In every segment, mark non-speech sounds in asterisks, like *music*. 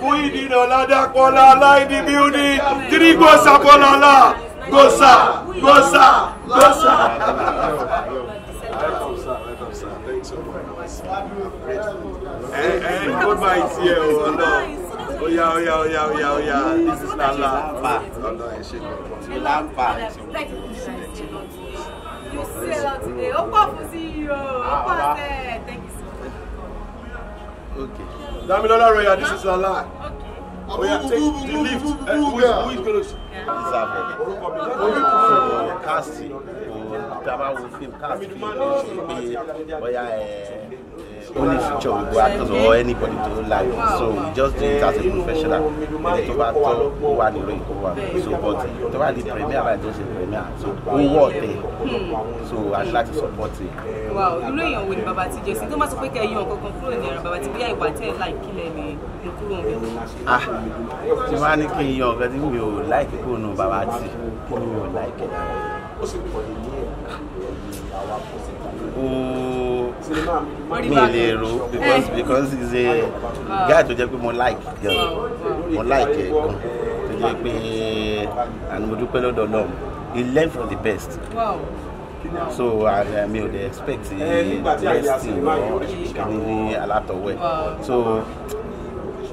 Muhidinola Dapola lie the building. Three Gosa Polala. Gosa, Gosa, Gosa. Ẹ ẹ kó bá ìtì ẹ o ọlọ. Oya oya oya oya oya this is eh, not lampa. Ọlọ ẹ ṣe kọ̀ọ̀kan. Lampa. You see a lot today. Ó pọ̀ fún Thank you so much. Okay. Damilola Royal, this is a lie. Okay. Oya, oh, take the lift. Eh, who is going to? Isabel. Orúkọ mi lọ́wọ́ cast. Tàbá wo film cast fi ṣe pé bóyá ẹ̀ only future we go actors or anybody to like so we just do it as a professional ẹni tó bá tọ́ ó wà nílò ìkó so but tó bá di premier báyìí those ṣe premier so ó wọ̀ tẹ̀ so a like to support it. Wow, ó irú èèyàn wo ni bàbá ti jẹ sí tó má sọ pé kẹ yọ ọkọ kan kúrò ní ẹran bàbá ti bóyá ìwà tẹ láì kílẹ̀ ni kúrò ń bẹ. ah tí wọ́n á ní kí n yan ọ̀gá tí mi ò láìkí kúrò nù bàbá tì kí mi ò láìkí. ó sì pọ̀ ní ní ẹ̀ àwọn àkọsílẹ̀ mi lè ro because because he's a guy to jẹ́ pé mo like gan mo like ẹ̀ gan tó jẹ́ pé and mo dúpẹ́ lọ́dọ̀ náà he learn from the best. Wow so uh, mi ò dey expect the best thing or kìíní alátọ̀wẹ̀ so.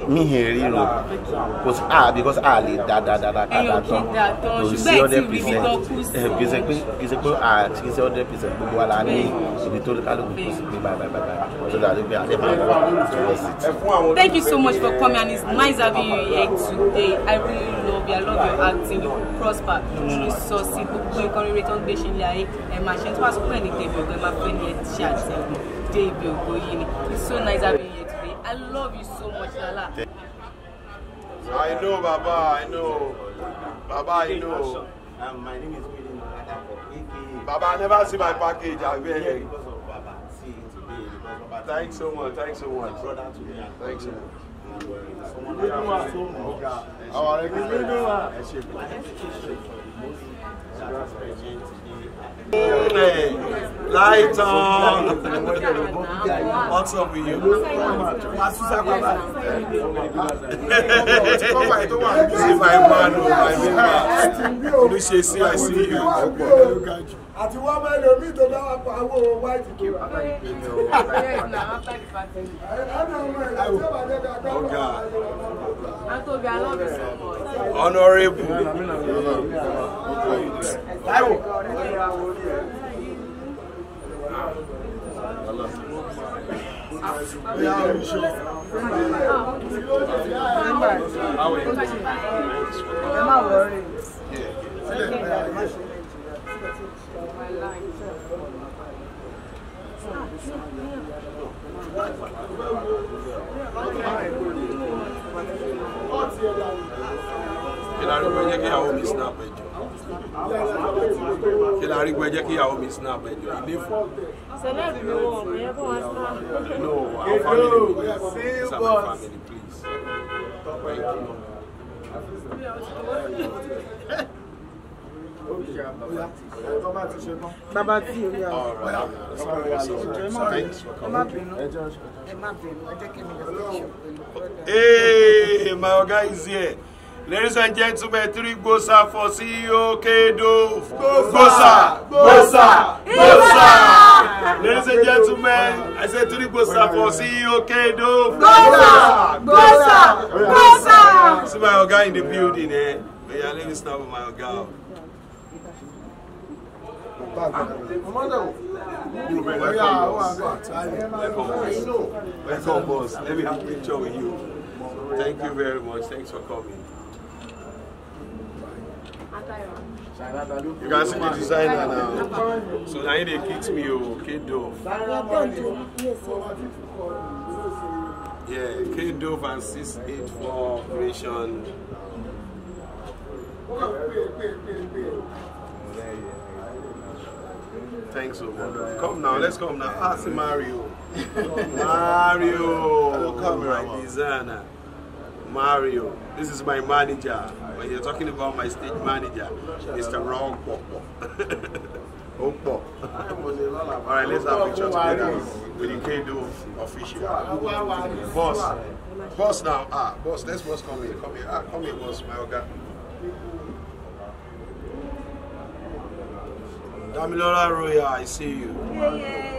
Me here, you know, because ah because ah lè da da da da ká da tán kò sí hundred percent kì í ṣe pé kì í ṣe pé ah kì í ṣe hundred percent gbogbo wa la ní ibi tó kálukú kò sí pé bye bye bye bye so that we are able to rest it. thank you so much for coming and it's nice having you here today i really love you i love your acting you prosper through success gbogbo nǹkan rere tó ń gbé ṣe ilé ayé ẹ̀ máa ṣe tí wàá sọ pé ẹni tẹ̀lé ọ̀gbẹ́ máa fẹ́ ni ẹ̀ ṣe àtẹ̀gùn dé ibi ògbó yìí ni it's so nice having you. I love you so much, Lala. I know, Baba, I know. Baba, I know. Um, my name is William Adapo, Baba, I never see my package, I beg. Yeah, because of Baba, see today, Baba... Thanks so much, thanks so much. Brother to me. Thanks so much. Our recruitment. Light on. What's up with you? My sister Baba. See my man or my member. Olúṣe sí I see you. Àti wọ́n máa lò mí tó bá wà pa owó wáìtì kí wà. Ọ̀gá. Àtòbí Honourable. ẹ I wọrí. Ìlànà ìgbẹ́jẹ́ kí àwọn mi snap ẹjọ́ arígbó ẹ jẹ́ kí ìyàwó mi snap ẹjọ́ ilé fún. sẹlẹ̀bì mi wọ̀ ọ̀pọ̀ yẹn kó wá snap. no our family please it's our family please thank you. Bàbá tí o yà ọ́. Ẹ má bínú. Ẹ má bínú. Ẹ jẹ́ kí mi lọ sí ìṣòro. Hey, my guy is here. Ladies and gentlemen, three Gbosa for CEO Kedo. Gbosa! Gbosa! Gbosa! Ladies and gentlemen, I said three Gbosa for CEO Kedo. Gbosa! Gbosa! Gbosa! See my guy in the building, eh? But yeah, let me start with my guy. Welcome, boss. Let me have a picture with you. Thank you very much. Thanks for coming. You guys see the designer now. So now they kicked me, okay, oh, Dove. Yeah, K Dove and 684 Operation. Thanks, Ogo. Oh, come now, let's come now. Ask ah, Mario. *laughs* Mario, come, my designer. Mario. This is my manager. When you're talking about my stage manager, Mr. Ron Popo. Popo. All right, let's have a picture together with the KDO official. Boss. Boss now. Ah, boss, let's boss come here. Come here. Ah, come here, boss, my organ. Damilola Roya, I see you. Yeah, yeah.